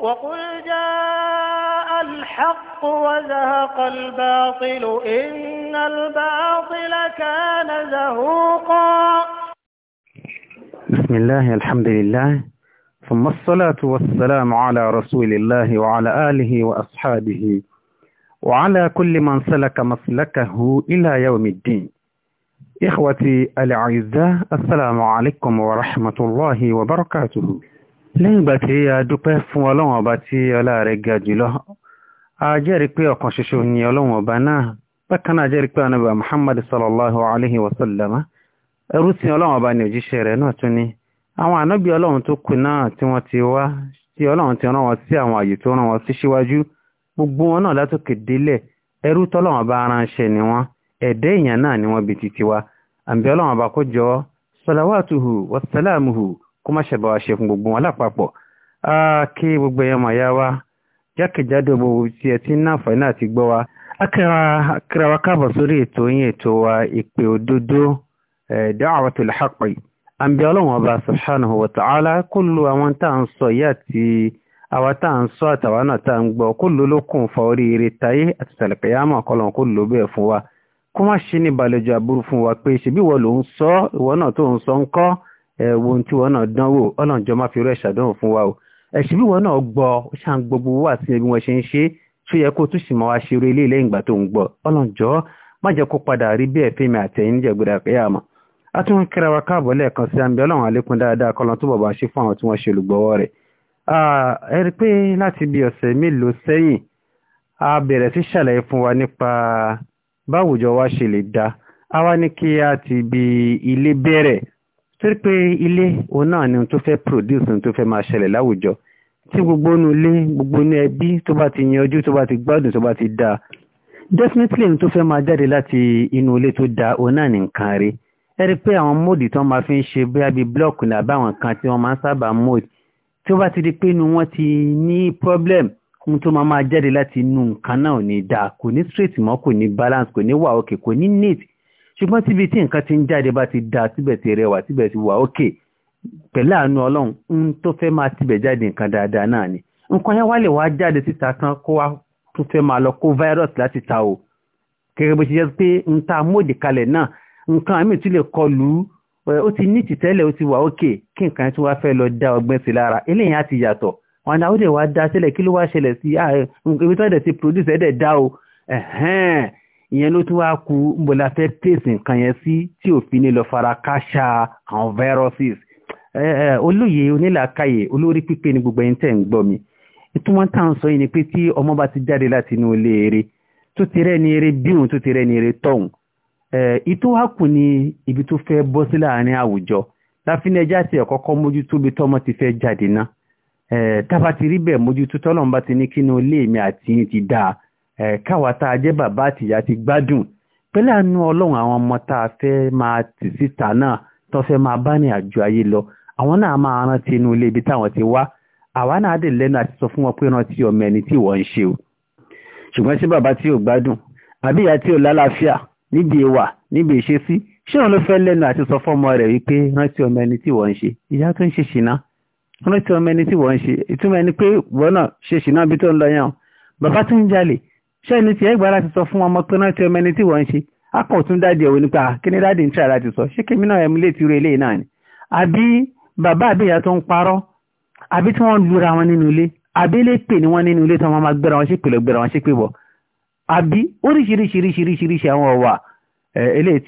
وقل جاء الحق وزهق الباطل إن الباطل كان زهوقا بسم الله الحمد لله ثم الصلاة والسلام على رسول الله وعلى آله وأصحابه وعلى كل من سلك مسلكه إلى يوم الدين إخوتي الأعزاء السلام عليكم ورحمة الله وبركاته lẹ́yìn ìgbà tí a dúpẹ́ fún ọlọ́run ọba tí ọlá rẹ̀ ga jùlọ a jẹ́rìí pé ọ̀kan ṣoṣo ni ọlọ́run ọba náà bákan náà jẹ́rìí pé ànábì muhammad sallallahu alaihi wasallam ẹrú sí ọlọ́run ọba ní òjíṣẹ́ rẹ̀ náà tún ni àwọn ànábì ọlọ́run tó kù náà tí wọ́n ti wá tí ọlọ́run ti rán wọn sí àwọn àyè tó rán wọn sí síwájú gbogbo wọn náà látòkè délẹ̀ ẹrú tọ́lọ́run ọba aránṣẹ́ ni wọ́n ẹ̀dẹ́ èèyàn náà ni wọ́n bi titi wa àǹbí ọlọ́run ọba kó jọ salawatuhu wasalamuhu kó má ṣẹ̀bà wá ṣe fún gbogbo wọn lápapọ̀ kí gbogbo ẹ̀yàn màá yá wa jákèjádò gbogbo tí ẹ ti ń náfààní àti gbọ́ wa akíra wa káàbọ̀ sórí ètò yín ètò wa ìpè òdodo da'watul haqqi àǹbí ọlọ́run ọba subhanahu wa ta'ala kó lu àwọn tá à ń sọ yìí àti àwa tá à ń sọ àtàwa náà tá à ń gbọ́ kó lu olókùn fa oríire táyé àti tàlẹ̀kẹ̀yàmọ̀ kọlọ̀n kó lò bẹ́ẹ̀ fún wa kó má ṣe ní balẹ̀jọ àbúrú fún wa pé ṣèbí ìwọ ló ń sọ ìwọ náà tó ń sọ ń kọ́ ẹ̀wọ̀ tí wọ́n náà dánwò ọlọ́njọ́ má fi rẹ̀ ṣàdánwò fún wa o ẹ̀sìn bí wọ́n náà gbọ́ ó ṣà ń gbogbo wà sí ẹbí wọn ṣe ń ṣe tó yẹ kó tún sì máa wá ṣe eré ilé lẹ́yìn ìgbà tó ń gbọ́ ọlọ́njọ́ má jẹ́ kó padà rí bẹ́ẹ̀ fẹ́mi àtẹ̀yìn níjẹ̀gbẹ̀dà péyàmọ́ a tún kíra wa káàbọ̀ lẹ́ẹ̀kan sí àmì ọlọ́run àlékún dáadáa kọlọ́n torí pé ilé òun náà ni tó fẹ́ produce tó fẹ́ máa ṣẹlẹ̀ láwùjọ tí gbogbo inú ilé gbogbo inú ẹbí tó bá ti yanjú tó bá ti gbádùn tó bá ti dáa definitely tó fẹ́ máa jáde láti inú ilé tó dáa òun náà ní nǹkan rí ẹ rí pé àwọn móòdì tó máa fi ń ṣe bóyá bíi blọọkù ní àbáwọn kan tí wọ́n máa ń sábà móòdì tí bá ti di pé inú wọn ti ní problem ohun tó máa máa jáde láti inú nǹkan náà ò ní dáa kò ní straight mọ́ kò ní balance kò ní wà òkè kò ní neat ṣùgbọ́n tíbi tí nǹkan ti ń jáde bá ti da síbẹ̀ ti rẹwà síbẹ̀ ti wà ókè pẹ̀lú àánú ọlọ́run ń tó fẹ́ máa tibẹ̀ jáde nǹkan dáadáa náà ni nǹkan yẹn wá lè wá jáde síta kan kó wá tún fẹ́ máa lọ kó virus láti ta o gẹ́gẹ́ bó ṣe jẹ́ pé ń ta móòdì kalẹ̀ náà nǹkan àmì tún lè kọlù ó ti ní tìtẹ́lẹ̀ ó ti wà ókè kí nǹkan yẹn tún wá fẹ́ lọ da ọgbẹ́ sí lára eléyìí á yàtọ̀ wọn àwọn produce ẹ̀ dẹ̀ ìyẹn ló tún wá ku mbola la fẹ́ tèsì nǹkan yẹn sí tí òfin ní lọ fara káṣá àwọn viruses olóye onílàákàyè olórí pípé ni gbogbo ẹ̀yin tẹ̀ ń gbọ́ mi ìtumọ̀ tá à ń sọ yìí ni pé tí ọmọ bá ti jáde láti inú ilé eré tó ti rẹ́ ni eré bíhùn tó ti rẹ́ ni eré tọ̀hún ìtò wá kù ní ibi tó fẹ́ bọ́ sí láàrin àwùjọ láfínà ẹja ti mójútó bí tọ́mọ ti fẹ́ jáde ná tábà ti rí bẹ́ẹ̀ mójútó tọ́lọ́mùbá káwa tá a jẹ́ bàbá àtìyá ti gbádùn pẹ̀lú àánú ọlọ́run àwọn ọmọ tá a fẹ́ máa tì síta náà tó fẹ́ máa bá ní àjọ ayé lọ àwọn náà máa rántí inú ilé ibi táwọn ti wá àwa náà dè lẹ́nu àti sọ fún wọn pé rántí ọmọ ẹni tí wọ́n ń ṣe o ṣùgbọ́n sí bàbá tí ò gbádùn àbí ìyá tí ò lálàáfíà níbi ìwà níbi ìṣesí ṣé òun ló fẹ́ lẹ́nu àti sọ fún ọmọ rẹ̀ wípé rántí ọmọ ẹni tí wọ́n ṣe ìyá tó ń ṣe ṣìnà rántí ọmọ ẹni tí wọ́n ṣe ìtumọ̀ ẹni pé wọ́n náà ṣe ṣìnà bí tó ń lọ yẹn o bàbá tó ń jalè ṣẹ́ni tí ẹgbàá láti sọ fún ọmọ kan náà tí ọmọ ẹni tí wọ́n ń ṣe akọ̀ tún dáàdì ẹ̀wọ̀ nípa kí ni dáàdì ń tíra láti sọ ṣé kèmí náà ẹ̀mú lè ti rú eléyìí náà ni àbí bàbá àbíyá tó ń parọ́ àbí tí wọ́n lura wọn nínú ilé àbí lè pè ní wọ́n nínú ilé tí wọ́n máa gbéra wọn ṣe pèlò gbéra wọn ṣe pè bọ̀ àbí oríṣiríṣiríṣiríṣiríṣi àwọn ọ̀wà eléyìí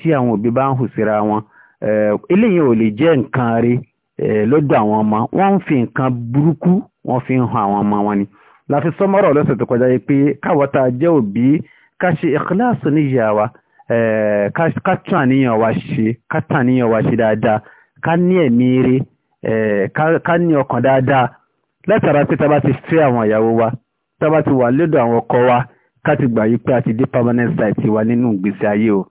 láfi sọmọ́rọ̀ lọ́sẹ̀ tó kọjá yìí pé káwọ́ta jẹ́ òbí ká ṣe ìkíláàsì níyà wa eh, ká tún àníyàn wa ṣe ká tún àníyàn wa ṣe dáadáa ká ní ẹ̀mí eré eh, ká ní ọkàn dáadáa látara pé tábà ti fẹ́ àwọn ìyàwó wa tábà ti wà lọ́dọ̀ àwọn ọkọ wa ká ti gbà yí pé a dé permanent site wa nínú ìgbésí ayé o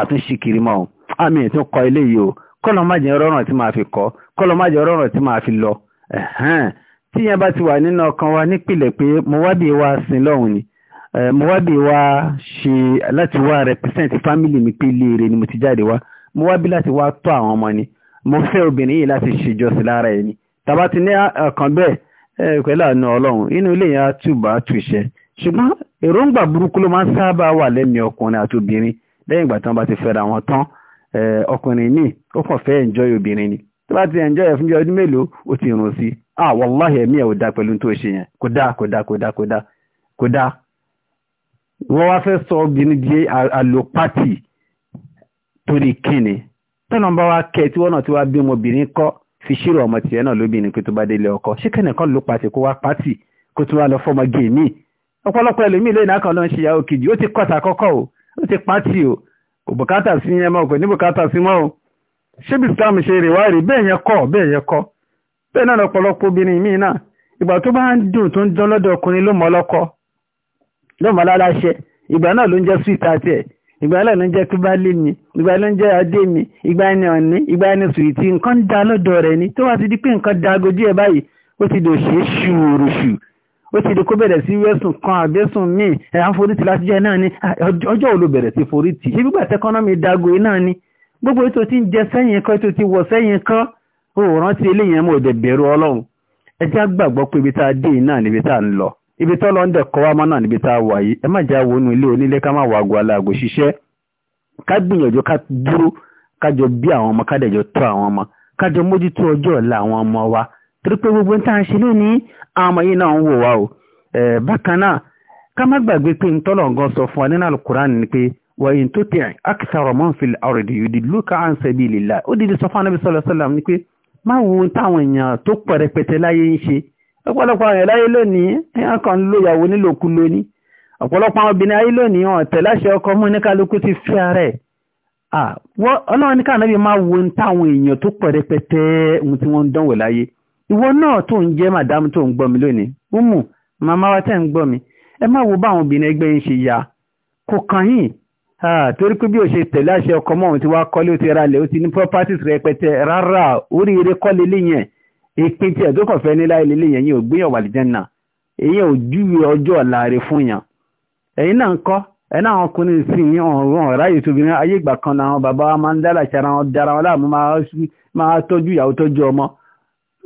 àtúnṣe kiri mọ́ o àmì ètò kọ eléyìí o kọ́lọ́ má jẹ́ rọrùn tí máa fi kọ́ kọ́lọ́ má jẹ́ rọrùn tí máa fi lọ tí yẹn bá ti wà nínú ọkàn wa nípìlẹ̀ pé mo wá bí wa sin lọ́hùn ni mo wá bí wa ṣe láti wá represent family mi pé ilé rẹ̀ ni mo ti jáde wá mo wá bí láti wá tọ́ àwọn ọmọ ni mo fẹ́ obìnrin yìí láti ṣèjọsìn lára ẹ̀ ni tàbá ti ní ọkàn bẹ́ẹ̀ pẹ̀lú àánú ọlọ́run inú ilé yẹn á túbà á túṣẹ ṣùgbọ́n èròǹgbà burúkú ló máa ń sábà wà lẹ́mìí ọkùnrin àti obìnrin lẹ́yìn ìgbà tí wọ́n bá ti fẹ́ra wọn tán ọkùnrin míì ó kàn fẹ́ enjoy obìnrin ni tó bá ti enjoy ẹ̀ fún bí ọdún mélòó ó ti rùn sí i ah wàláhì ẹ̀mí ẹ̀ ò dá pẹ̀lú tó ṣe yẹn kò dá kò dá kò dá kò dá kò dá wọ́n wá fẹ́ sọ obìnrin di àlòpátì torí kíni tọ́nà bá wá kẹ́ tí wọ́n náà ti wá bí ọmọbìnrin kọ́ fi na ọmọ tiẹ̀ náà lóbìnrin pé tó bá délé ọkọ ṣé kẹ́nìkan ló pàtì kó wá pátì kó tún wá lọ fọmọ gé mi ọ̀pọ̀lọpọ̀ ẹlòmíì lẹ́yìn akọ lọ ń ṣìyàwó kejì ó ti kọta kọkọ o ó ti pátì o kò bùkátà sí yẹn mọ́ kò ní bùkátà sí mọ́ o ṣé bí Islam ṣe rè wá rí bẹ́ẹ̀ yẹn kọ́ bẹ́ẹ̀ yẹn kọ́ bẹ́ẹ̀ náà lọ́pọ̀lọpọ̀ obìnrin míì náà ìgbà tó bá ń dùn tó ń dán lọ́dọ̀ ọkùnrin ló mọ ọlọ́kọ ló mọ aláṣẹ ìgbà náà ló ń jẹ́ sweet àti ẹ̀ ìgbà náà ló ń jẹ́ kíbálé mi ìgbà ló ń jẹ́ adé mi ìgbà ẹni ọ̀ní ìgbà ẹni sùwìtì nǹkan da lọ́dọ̀ rẹ̀ ni tó wá ti di pé nǹkan da agojú ẹ̀ báyìí ó ti lò ṣe é ṣùrùṣù ó ti di kó bẹ̀rẹ̀ sí wẹ́sùn kan àbẹ́sùn míì ẹ̀ à ń forítì láti jẹ́ náà ni ọjọ́ wo ló bẹ̀rẹ̀ sí forítì ṣé gbígbà tẹ́kọ́nọ́mì dago náà ni gbogbo ètò tí ń jẹ sẹ́yìn kan ètò tí wọ̀ sẹ́yìn kan o rántí eléyìn mọ̀ òdẹ̀ bẹ̀rù ọlọ́run ẹ já gbàgbọ́ pé ibi tá a dé yìí náà níbi tá a ń lọ ibi tó lọ ń dẹ̀ kọ́ wá mọ́ náà níbi tá a wà yìí ẹ má já wọnú ilé onílé ká má wàgò aláàgò ṣiṣẹ́ ká gbìyànjú ká dúró kájọ bí àwọn ọmọ kádẹ̀jọ tó àwọn ọmọ kájọ mójútó ọjọ́ ọ̀la àwọn ọmọ wa torí pé gbogbo tá à ṣe lónìí àwọn ọmọ yìí náà ń wò wá o bákan náà ká má gbàgbé pé ni pé wàyí tó tẹ̀ akitaro mọ́fìlì àròdì yìí lùkà à ń sẹ́bi ìlìlá ó dìde sọ fún anábì sallallahu alaihi ni pé máwọn táwọn èèyàn tó pọ̀ rẹpẹtẹ láyé ń ṣe ọ̀pọ̀lọpọ̀ àwọn láyé lónìí èèyàn kan ló yàwó nílòkú lónìí ọ̀pọ̀lọpọ̀ àwọn obìnrin ayé lónìí wọn tẹ̀ láṣẹ ọkọ mú ní kálukú ti fi ààrẹ ọlọ́run ní káànábì máa wo táwọn èèyàn tó pọ̀ ohun tí wọ́n ń dánwò láyé ìwọ náà tó ń jẹ́ màdámù tó ń gbọ́ mi lónìí umu màmá wa tẹ́ ń gbọ́ mi ẹ má wo báwọn obìnrin ẹgbẹ́ yín ṣe ya kò kàn yín torí pé bí o ṣe tẹ̀lé àṣẹ ọkọ mọ́ òun ti wá kọ́lé ó ti ra lẹ̀ ó ti ní properties rẹpẹtẹ rárá oríire kọ́lé léyìn ìpín tí ẹ̀dókàn fẹ́ ní láì lélẹ̀ yẹn yóò gbéyàn wà lìjẹ́ náà èyàn ò júwe ọjọ́ ọ̀la rẹ̀ fún yàn ẹ̀yin náà ń kọ́ ẹ̀yin náà ọkùnrin sì ń ọ̀rùn ọ̀rá yìí tóbi ní ayé ìgbà kan náà bàbá wa máa ń dára ara wọn dára wọn láàmú máa tọ́jú ìyàwó tọ́jú ọmọ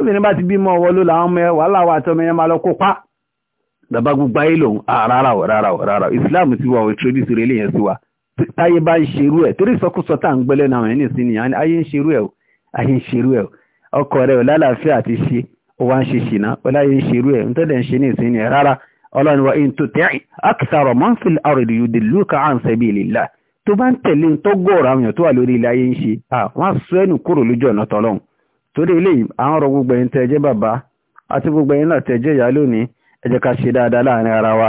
obìnrin bá ti bímọ ọwọ́ ló làwọn ọmọ ẹ wàhálà wa àtọmọ ẹ máa lọ kópa bàbá gbogbo ayé lòun rárá o rárá o rárá o Islam ti wà o introduce rẹ lè sí wa táyé bá ń ṣerú ẹ̀ torí ìsọkúsọ tá à ń gbẹ́lẹ́ náà ẹni sí ni ayé ń ṣerú ẹ̀ ayé ń ṣerú ẹ̀ ọkọ rẹ̀ lálàáfíà àti ṣe ó wá ń ṣe ṣìnà ọláyé ń ṣerú ẹ̀ nítorí ń ṣe ní ìsìn rárá ọlọ́run wa in tuti' akthara man fil ardi yudilluka an sabilillah tó bá ń tẹ̀lé tó gọ̀ọ̀rọ̀ àwọn èèyàn tó wà lórí ilé ayé ń ṣe wọ́n á sọ ẹnu kúrò lójú ọ̀nà tọ́lọ́hún torí eléyìí àwọn ọ̀rọ̀ gbogbo ẹ̀yin tẹ́jẹ́ bàbá àti gbogbo ẹ̀yin náà tẹ́jẹ́ ìyá lónìí ẹ ká ṣe dáadáa láàrin ara wa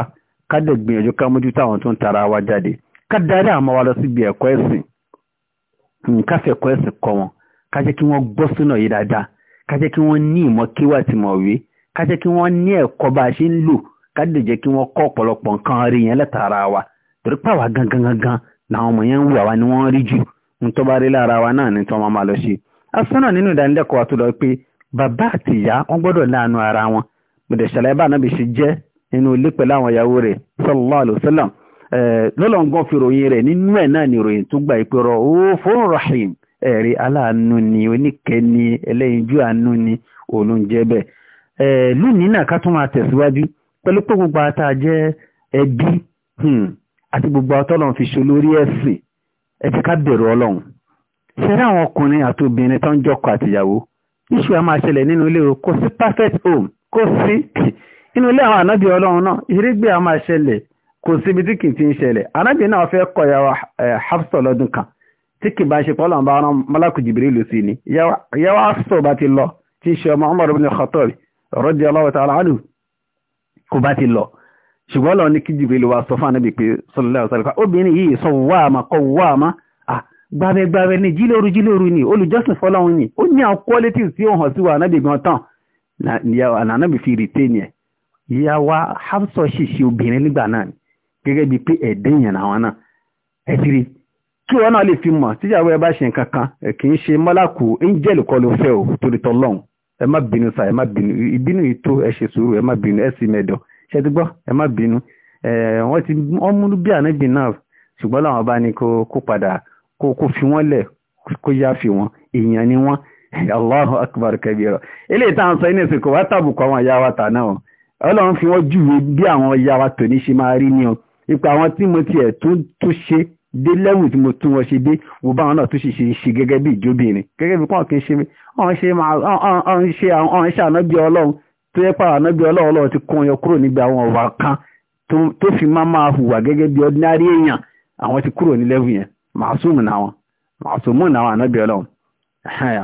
ká dẹ̀ gbìyànjú ká mójútó àwọn tó ń tara wa jáde ká darí àwọn ọmọ wa lọ síbi ẹ̀kọ́ ẹ̀sìn hmm, ká fi ẹ̀kọ́ ẹ̀sìn kọ́ wọn ká jẹ́ kí wọ́n gbọ́ sínú yìí dáadáa ká jẹ́ kí wọ́n ní ìmọ̀ kíwà tí mọ̀ wí ká jẹ́ kí wọ́n ní ẹ̀kọ́ bá a ṣe ń lò ká lè jẹ́ kí wọ́n kọ́ ọ̀pọ̀lọpọ̀ nǹkan rí yẹn látara wa torí pàwà gangan gangan làwọn ọmọ yẹn ń wù àwa ni wọ́n rí jù ní tó bá rí lára wa náà ni tí wọ́n máa lọ ṣe asánà nínú ìdánilẹ́kọ̀ọ́ wa sallallahu alaihi lọ́lọ́ngàn fi ròyìn rẹ̀ nínú ẹ̀ náà ni ròyìn tó gba ìpẹ́rọ òfòrò rahim ẹ̀rí aláàánú ni oníkẹ́ni ẹlẹ́yinjú àánú ni òun jẹ́ bẹ́ẹ̀ lónìí náà ká tún máa tẹ̀síwájú pẹ̀lú pé gbogbo ata jẹ́ ẹbí hmm, àti gbogbo atọ́lọ́n fi ṣe olórí ẹ̀sìn ẹ̀jẹ̀ ká bẹ̀rù ọlọ́run ṣẹ́rí àwọn ọkùnrin àti obìnrin tó ń jọkọ̀ àtìyàwó iṣu a máa ṣẹlẹ̀ nínú ilé o kò sí perfect home kò sí inú ilé àwọn ànábì ọlọ́run náà a máa ṣẹlẹ̀ kò síbi tí kì í ti ń ṣẹlẹ̀ arábìnrin náà fẹ́ kọ ìyàwó eh, Hafsa lọ́dún kan tí kì bá ṣe pọ́ lọ́nà bá rán mọ́lákù Jibrilu sí ni ìyàwó Hafsa bá ti lọ tí ṣe ọmọ Umar ibn Khattab radiyallahu ta'ala anhu kò bá ti lọ ṣùgbọ́n lọ ní kí Jibrilu wa sọ fún anábì pé sallallahu alaihi obìnrin yìí sọ wàmà kọ wàmà gbàbẹ̀gbàbẹ̀ ní jílóru jílóru ni olùjọ́sìn fọlọ́run ni ó ní àwọn qualities wa anábì gan tán anábì fi retain yẹ ìyàwó Hafsa ṣìṣe obìnrin nígbà náà ni gẹ́gẹ́ bíi pé ẹ̀dẹ́ èèyàn làwọn náà ẹ ti rí kí wọn náà lè fi mọ̀ tíyàwó ẹ bá ṣe nǹkan kan kì í ṣe mọ́làkù angel kọ́ ló fẹ́ ò torí tọ́lọ́hún ẹ má bínú sa ẹ má bínú ìbínú yìí tó ẹ ṣe sùúrù ẹ má bínú ẹ sì mẹ́dọ̀ ṣe ti gbọ́ ẹ má bínú wọ́n ti wọ́n múlú bí ànábì náà ṣùgbọ́n làwọn bá ní kó padà kó fi wọ́n lẹ̀ kó yá fi wọ́n èèyàn ni wọ́n Allahu akbar kabira eléyìí táwọn sọ inú ìsìnkú wa tàbùkù àwọn ìyá tà náà ọlọ́run fi wọ́n júwe bí àwọn ìyá tòní ṣe máa rí ni o ipò àwọn tí mo tiẹ̀ tún ṣe dé lẹ́wù tí mo tún wọn ṣe dé wò bá àwọn náà tún ṣe ṣe gẹ́gẹ́ bí ìjóbìnrin gẹ́gẹ́ bí kàn kí n ṣe ọ̀n ṣe ọ̀n ṣe ànábì ọlọ́run tó yẹ pàrọ̀ ànábì ọlọ́run ọlọ́run ti kún ọyọ kúrò níbi àwọn ọ̀wà kan tó fi máa máa hùwà gẹ́gẹ́ bí ordinary èèyàn àwọn ti kúrò ní lẹ́wù yẹn màásùmù náwọn màásùmù náwọn ànábì ọlọ́run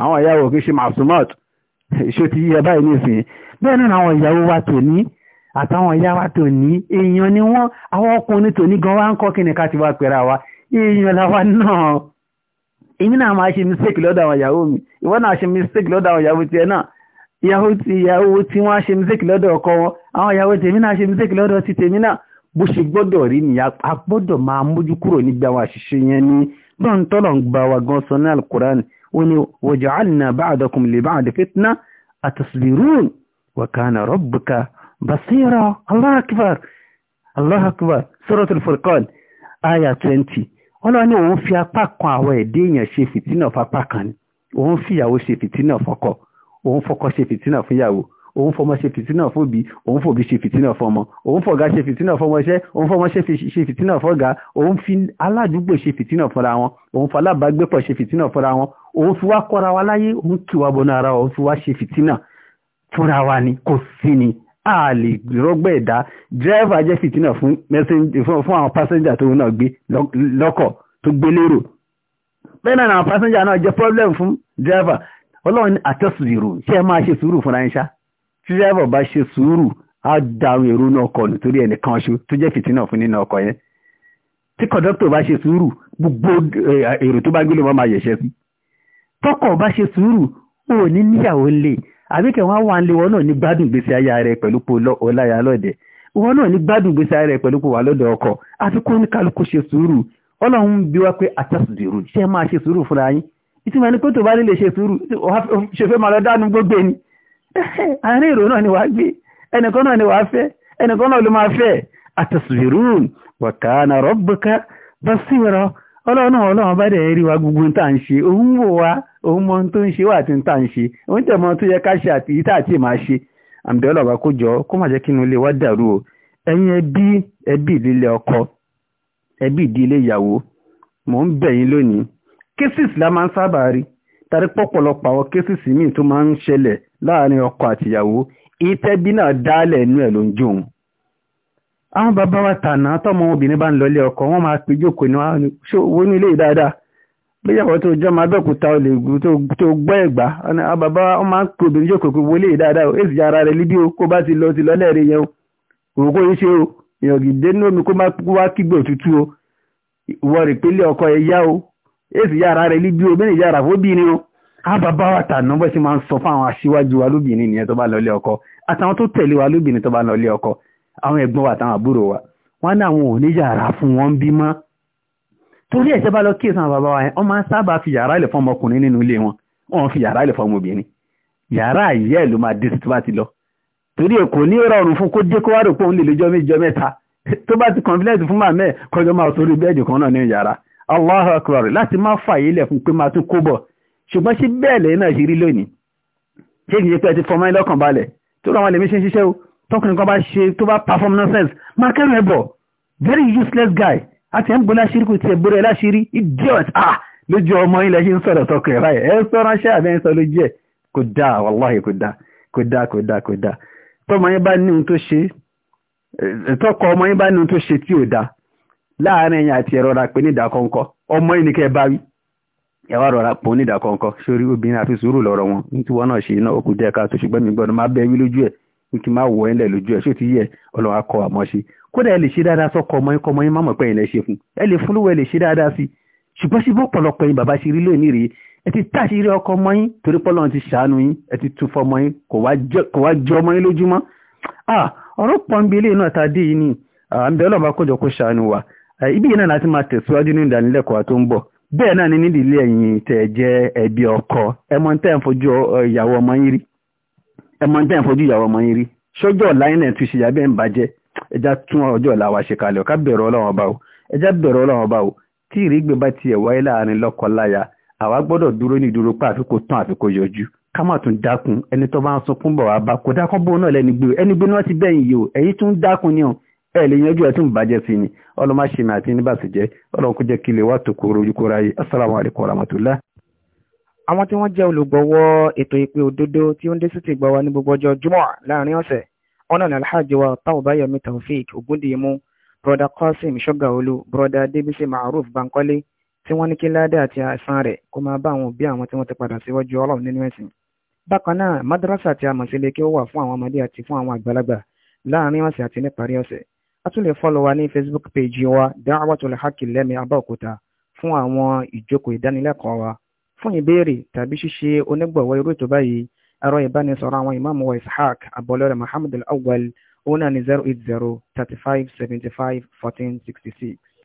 àwọn ìyàwó kì àtàwọn ìyá wa tò ní èèyàn ni wọ́n àwọn ọkùnrin tò ní gan wá ń kọ́ kíni ká ti wá pẹ̀ra wa èèyàn làwa náà èmi náà máa ṣe mistake lọ́dọ̀ àwọn ìyàwó mi ìwọ náà ṣe mistake lọ́dọ̀ àwọn ìyàwó tiẹ̀ náà ìyàwó tí ìyàwó tí wọ́n ṣe mistake lọ́dọ̀ ọkọ wọn àwọn ìyàwó tèmi náà ṣe mistake lọ́dọ̀ ti tèmi náà bó ṣe gbọ́dọ̀ rí ni a gbọ́dọ̀ máa mójú kúrò níbi àwọn àṣìṣe yẹn ni lọ́n tọ́lọ̀ ń gba wa gan sọ ní alukuran ó ní waja'alna ba'dakum li ba'd fitna atasbirun wa kana rabbuka basira allah akbar allah akbar suratul furqan aya 20 ọlọ́run ní òun fi apá kan àwọn ẹ̀dá èèyàn ṣe fìtínà fapá kan ni òun fìyàwó ṣe fìtínà fọ́kọ òun fọ́kọ ṣe fìtínà fúnyàwó òun fọmọ ṣe fìtínà fóbi òun fòbí ṣe fìtínà fọmọ òun fọ̀gá ṣe fìtínà fọmọṣẹ́ òun fọmọ ṣe fìtínà fọ̀gá òun fi aládùúgbò ṣe fìtínà fúnra wọn òun fi alábàágbépọ̀ ṣe fìtínà fúnra wọn òun fi wá kọ́ra wa láyé òun kì wá bọ́nà ara òun fi wá ṣe fìtínà fúnra wa ni kò sí ni a lè rọ́gbọ́ ẹ̀dá dírẹ́fà jẹ́ fìtínà fún àwọn pásẹ́njà tó náà gbé lọ́kọ̀ tó gbé lérò bẹ́ẹ̀ náà àwọn pásẹ́njà náà jẹ́ problem fún dírẹ́fà ọlọ́run àtẹ́sùrù ṣe máa ṣe sùúrù fúnra ń ṣá tí dírẹ́fà bá ṣe sùúrù á dáhùn èrò náà kọ̀ nítorí ẹnìkan ṣo tó jẹ́ fìtínà fún nínú ọkọ̀ yẹn tí kọ̀dọ́tọ̀ bá ṣe sùúrù gbogbo èrò tó bá gbé ló máa yẹ̀ṣẹ́ sí tọkọ̀ bá ṣe sùúrù òní níyàwó lè àbíkẹ́ wọn wà ń lé wọn náà ní gbádùn gbèsè aya rẹ̀ pẹ̀lú pò ọláyà lọ́dẹ̀ wọn náà ní gbádùn gbèsè aya rẹ̀ pẹ̀lú pò wà lọ́dọ̀ ọkọ àti kó ní kálukú ṣe sùúrù ọlọ́run bí wá pé àtàsùdìrù ṣe máa ṣe sùúrù fúnra yín ìtumọ̀ ní pé tó bá nílé ṣe sùúrù ṣe fẹ́ máa lọ dánú gbogbo ni àárín èrò náà ni wàá gbé ẹnìkan náà ni wàá fẹ́ ẹnìkan náà ló máa fẹ́ àtàsùdìrù òun mọ tó ń ṣe wà tí ń tà ń ṣe òun tẹ̀ mọ tó yẹ ká ṣe àti yìí tá àti máa ṣe àǹbẹ̀ ọlọ́ba kó jọ kó má jẹ́ kí inú ilé wa dàrú o ẹ̀yin ẹbí ẹbí ìdílé ọkọ ẹbí ìdílé ìyàwó mò ń bẹ̀ yín lónìí cases la máa ń sábà rí tàbí pọ̀pọ̀lọpọ̀ àwọn cases míì tó máa ń ṣẹlẹ̀ láàrin ọkọ àtìyàwó ìtẹ́bí náà dálẹ̀ inú ẹ̀ ló ń jó àwọn bàbá wa tànà tọmọ obìnrin bá ń lọlé ọkọ wọn máa pe jókòó ní wọn ṣé owó nílé dáadáa bíyàwó tó jọ́ ma bẹ́ẹ̀kúta olè tó gbọ́ ẹ̀gbá ah, bàbá wọn máa ń pè obìnrin jókòó kó wọlé dáadáa ó èsì ara rẹ̀ líbí o kó bá ti lọ ti lọ lẹ́ẹ̀rẹ́ yẹn o òun kò ní ṣe o èèyàn gìdé ní omi kó má wá kígbe òtútù o rè ọkọ o ara rẹ̀ líbí o bẹ́ẹ̀ yàrá o wa tà sọ fáwọn torí ẹ̀ṣẹ́ bá lọ kí èsàn bàbá wa yẹn wọ́n máa ń sábà fi yàrá ilẹ̀ fún ọmọkùnrin nínú ilé wọn wọ́n fi yàrá ilẹ̀ fún ọmọbìnrin yàrá ìyá ẹ̀ ló máa dé tó bá ti lọ torí èkó ní rọrùn fún kó dé kó wá rò pé òun lè lójọ́ méjì mẹ́ta tó bá ti kọ̀ǹfílẹ́ǹsì fún màmẹ́ kọjọ máa sórí bẹ́ẹ̀dì kan náà ní yàrá Allahu akbar láti má fà yí lẹ̀ fún pé máa tún kó bọ̀ ṣùgbọ́n ṣé bẹ́ẹ̀ lẹ́yìn náà ṣe rí lónìí ṣé kìí ṣe pé ẹ ti fọmọ ẹlọ́kàn balẹ̀ tó rọ àwọn ẹlẹ́mí ṣe ń ṣiṣẹ́ o tọkùnrin kan bá ṣe tó bá perform nonsense máa kẹ́rù ẹ̀ bọ̀ very useless guy àti ẹ̀ ń bọ́ láṣírí tí ẹ̀ bọ́rẹ̀ láṣírí idiot ah lójú ọmọ ilẹ̀ ṣe ń sọ̀rọ̀ tọkọ ẹ̀ báyìí ẹ̀ ń sọ ránṣẹ́ àbẹ́ ń sọ lójú ẹ̀ kò dáa wàláhì kò dáa kò dáa kò dáa kò dáa tọmọ yín bá ní ohun tó ṣe tọkọ ọmọ yín bá ní ohun tó ṣe tí ò dáa láàárín ẹ̀yìn àti ẹ̀rọ ra pé ní ìdákọ́ńkọ́ ọmọ yín ni kẹ́ bá wí rọra pọ̀ ní ìdákọ́ńkọ́ sórí obìnrin àfi sùúrù lọ́rọ̀ wọn ní tiwọn náà ṣe iná ó kù díẹ̀ ṣùgbọ́n mi gbọ́dọ̀ má bẹ́ẹ̀ wí lójú ẹ̀ kí n má wọ ẹ̀ lẹ̀ lójú ẹ̀ ṣó ti yẹ ọlọ́run á àmọ́ ṣe kódà ẹ lè ṣe dáadáa sọ́kọ ọmọ yín kọ́ ọmọ yín máa mọ̀ pé ẹ̀ lè ṣe fún ẹ lè fún lówó ẹ lè ṣe dáadáa sí ṣùgbọ́n sí bó pọ̀lọpọ̀ yín bàbá ṣe rí lónìí rèé ẹ ti tá àṣírí ọkọ ọmọ yín torí pọ́lọ́ ti ṣàánú yín ẹ ti tún fọmọ yín kò wá jẹ ọmọ yín lójúmọ́ ọ̀rọ̀ pọ́nbélé náà ta dé yìí ni à ń kó ṣàánú ibi yìí náà láti máa tẹ̀síwájú nínú ìdánilẹ́kọ̀ọ́ tó ń bọ̀ bẹ́ẹ̀ náà ni nídìílé ẹ̀yìn tẹ̀ jẹ́ ẹbí ọkọ ẹmọ tẹ́ ń fojú ìyàwó ọmọ yín rí ẹmọ tẹ́ ń ẹjá tún ọjọ́ ọ̀la wa ṣe kalẹ̀ ká bẹ̀rù ọlọ́run ọba o ẹjá bẹ̀rù ọlọ́run ọba o tí ìrígbé bá tiẹ̀ wáyé láàrin lọ́kọ-láya àwa gbọ́dọ̀ dúró ní ìdúró pa àfikò tán àfikò yọjú ká má tún dákun ẹni tó bá ń sunkún bọ̀ wá bá kò dákun bó náà lẹ́ni gbé ẹni gbé náà ti bẹ́yìn yìí o ẹ̀yin tún dákun ni o ẹ lè yanjú ẹ tún bàjẹ́ sí ni ọlọ́mọ ṣe mi àti níbàṣẹ́jẹ́ ọlọ́run kò jẹ́ wa tó kóró ojú kóra yìí assalamu alaikum warahmatullah àwọn tí wọ́n ọ̀nà ní alhaji wa Tawbayami Taofeek Ogundiyimu broda Qasim Shogaolu broda Debisi Maruf Bankole tí wọ́n ní kí ládé àti àìsàn rẹ̀ kó máa bá àwọn òbí àwọn tí wọ́n ti padà síwájú Ọlọ́run nínú ẹ̀sìn bákan náà madrasa àti amọ̀sílẹ̀ kí ó wà fún àwọn ọmọdé àti fún àwọn àgbàlagbà láàrin ọ̀sẹ̀ àti níparí ọ̀sẹ̀ a tún lè fọ́lọ̀ wa ní Facebook page wa Da'watul Haqi lẹ́mí Abẹ́òkúta fún àwọn ìjókòó ìdánilẹ́kọ̀ọ́ wa fún ìbéèrè tàbí ṣíṣe onígbọ̀wọ́ irú ètò báyìí ẹ̀rọ ìbánisọ̀rọ̀ àwọn ìmáàmù wa ishaq abọ́lẹ́rẹ̀ muhammed al-awwal òun náà ní zero eight zero thirty